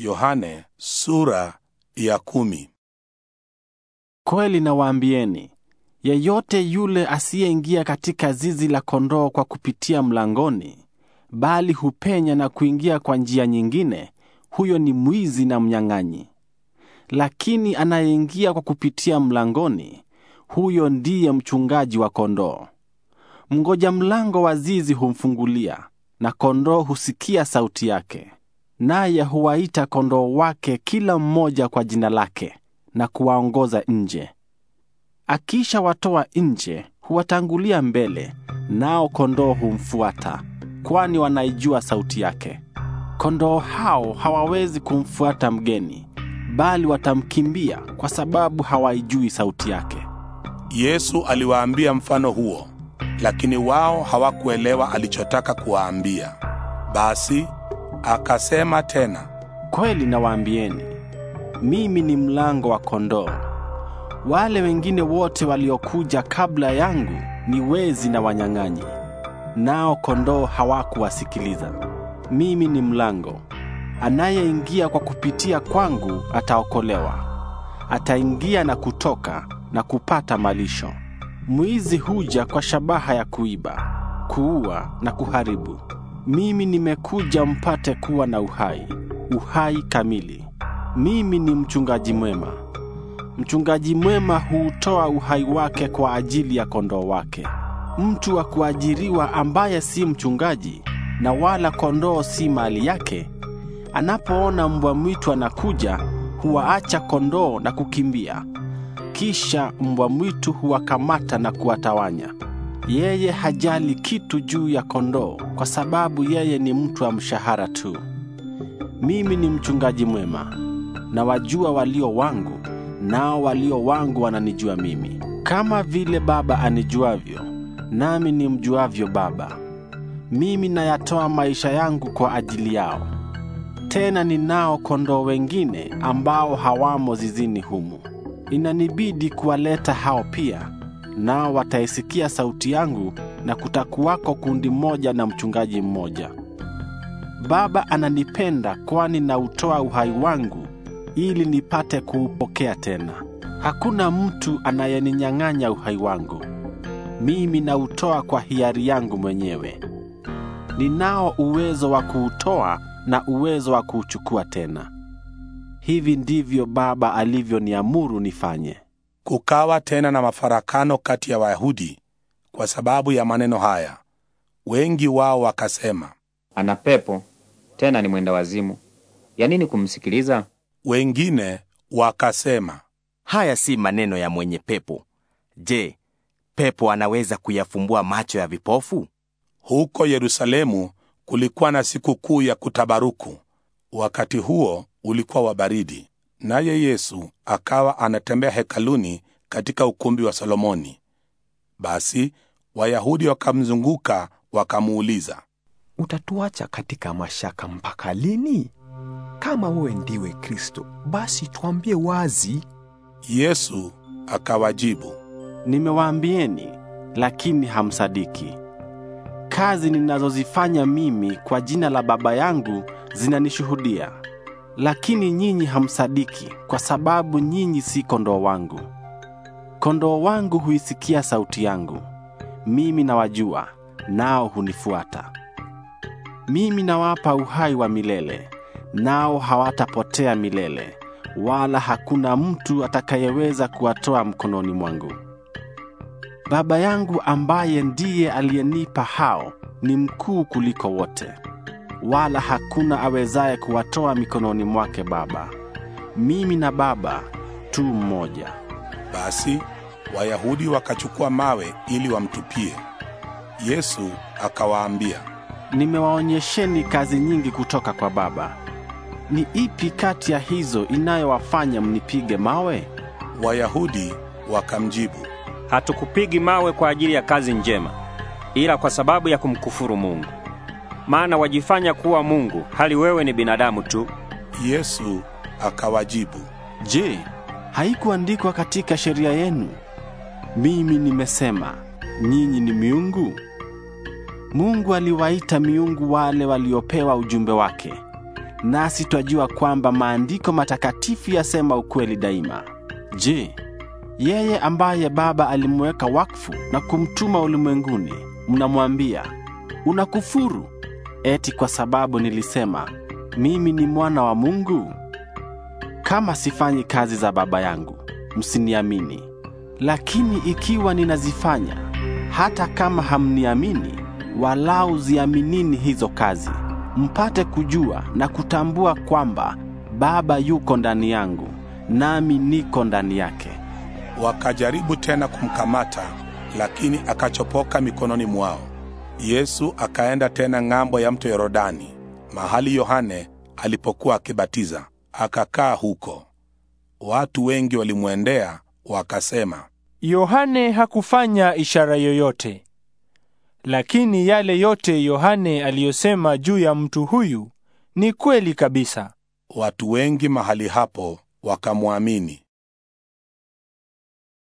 Yohane sura ya kumi. Kweli nawaambieni, yeyote yule asiyeingia katika zizi la kondoo kwa kupitia mlangoni, bali hupenya na kuingia kwa njia nyingine, huyo ni mwizi na mnyang'anyi. Lakini anayeingia kwa kupitia mlangoni, huyo ndiye mchungaji wa kondoo. Mngoja mlango wa zizi humfungulia, na kondoo husikia sauti yake naye huwaita kondoo wake kila mmoja kwa jina lake na kuwaongoza nje. Akishawatoa nje, huwatangulia mbele, nao kondoo humfuata, kwani wanaijua sauti yake. Kondoo hao hawawezi kumfuata mgeni, bali watamkimbia kwa sababu hawaijui sauti yake. Yesu aliwaambia mfano huo, lakini wao hawakuelewa alichotaka kuwaambia. Basi Akasema tena, kweli nawaambieni, mimi ni mlango wa kondoo. Wale wengine wote waliokuja kabla yangu ni wezi na wanyang'anyi, nao kondoo hawakuwasikiliza. Mimi ni mlango. Anayeingia kwa kupitia kwangu ataokolewa, ataingia na kutoka na kupata malisho. Mwizi huja kwa shabaha ya kuiba, kuua na kuharibu. Mimi nimekuja mpate kuwa na uhai, uhai kamili. Mimi ni mchungaji mwema. Mchungaji mwema huutoa uhai wake kwa ajili ya kondoo wake. Mtu wa kuajiriwa ambaye si mchungaji na wala kondoo si mali yake, anapoona mbwa mwitu anakuja, huwaacha kondoo na kukimbia, kisha mbwa mwitu huwakamata na kuwatawanya. Yeye hajali kitu juu ya kondoo, kwa sababu yeye ni mtu wa mshahara tu. Mimi ni mchungaji mwema, na wajua walio wangu, nao walio wangu wananijua mimi, kama vile Baba anijuavyo, nami nimjuavyo Baba. Mimi nayatoa maisha yangu kwa ajili yao. Tena ninao kondoo wengine ambao hawamo zizini humu, inanibidi kuwaleta hao pia nao wataisikia sauti yangu, na kutakuwako kundi moja na mchungaji mmoja. Baba ananipenda, kwani nautoa uhai wangu ili nipate kuupokea tena. Hakuna mtu anayeninyang'anya uhai wangu, mimi nautoa kwa hiari yangu mwenyewe. Ninao uwezo wa kuutoa na uwezo wa kuuchukua tena. Hivi ndivyo Baba alivyoniamuru nifanye. Kukawa tena na mafarakano kati ya Wayahudi kwa sababu ya maneno haya. Wengi wao wakasema, ana pepo tena ni mwenda wazimu, ya nini kumsikiliza? Wengine wakasema, haya si maneno ya mwenye pepo. Je, pepo anaweza kuyafumbua macho ya vipofu? Huko Yerusalemu kulikuwa na siku kuu ya kutabaruku. Wakati huo ulikuwa wa baridi. Naye Yesu akawa anatembea hekaluni katika ukumbi wa Solomoni. Basi Wayahudi wakamzunguka wakamuuliza, utatuacha katika mashaka mpaka lini? Kama wewe ndiwe Kristo, basi tuambie wazi. Yesu akawajibu, nimewaambieni, lakini hamsadiki. Kazi ninazozifanya mimi kwa jina la Baba yangu zinanishuhudia lakini nyinyi hamsadiki, kwa sababu nyinyi si kondoo wangu. Kondoo wangu huisikia sauti yangu, mimi nawajua, nao hunifuata. Mimi nawapa uhai wa milele, nao hawatapotea milele, wala hakuna mtu atakayeweza kuwatoa mkononi mwangu. Baba yangu ambaye ndiye aliyenipa hao ni mkuu kuliko wote wala hakuna awezaye kuwatoa mikononi mwake Baba. Mimi na Baba tu mmoja. Basi Wayahudi wakachukua mawe ili wamtupie. Yesu akawaambia, nimewaonyesheni kazi nyingi kutoka kwa Baba. Ni ipi kati ya hizo inayowafanya mnipige mawe? Wayahudi wakamjibu, hatukupigi mawe kwa ajili ya kazi njema, ila kwa sababu ya kumkufuru Mungu maana wajifanya kuwa Mungu hali wewe ni binadamu tu. Yesu akawajibu, Je, haikuandikwa katika sheria yenu, mimi nimesema nyinyi ni miungu? Mungu aliwaita miungu wale waliopewa ujumbe wake, nasi twajua kwamba maandiko matakatifu yasema ukweli daima. Je, yeye ambaye Baba alimweka wakfu na kumtuma ulimwenguni, mnamwambia unakufuru eti kwa sababu nilisema mimi ni mwana wa Mungu? Kama sifanyi kazi za Baba yangu, msiniamini. Lakini ikiwa ninazifanya, hata kama hamniamini, walau ziaminini hizo kazi, mpate kujua na kutambua kwamba Baba yuko ndani yangu, nami niko ndani yake. Wakajaribu tena kumkamata, lakini akachopoka mikononi mwao. Yesu akaenda tena ng'ambo ya mto Yordani, mahali Yohane alipokuwa akibatiza, akakaa huko. Watu wengi walimwendea wakasema, Yohane hakufanya ishara yoyote, lakini yale yote Yohane aliyosema juu ya mtu huyu ni kweli kabisa. Watu wengi mahali hapo wakamwamini.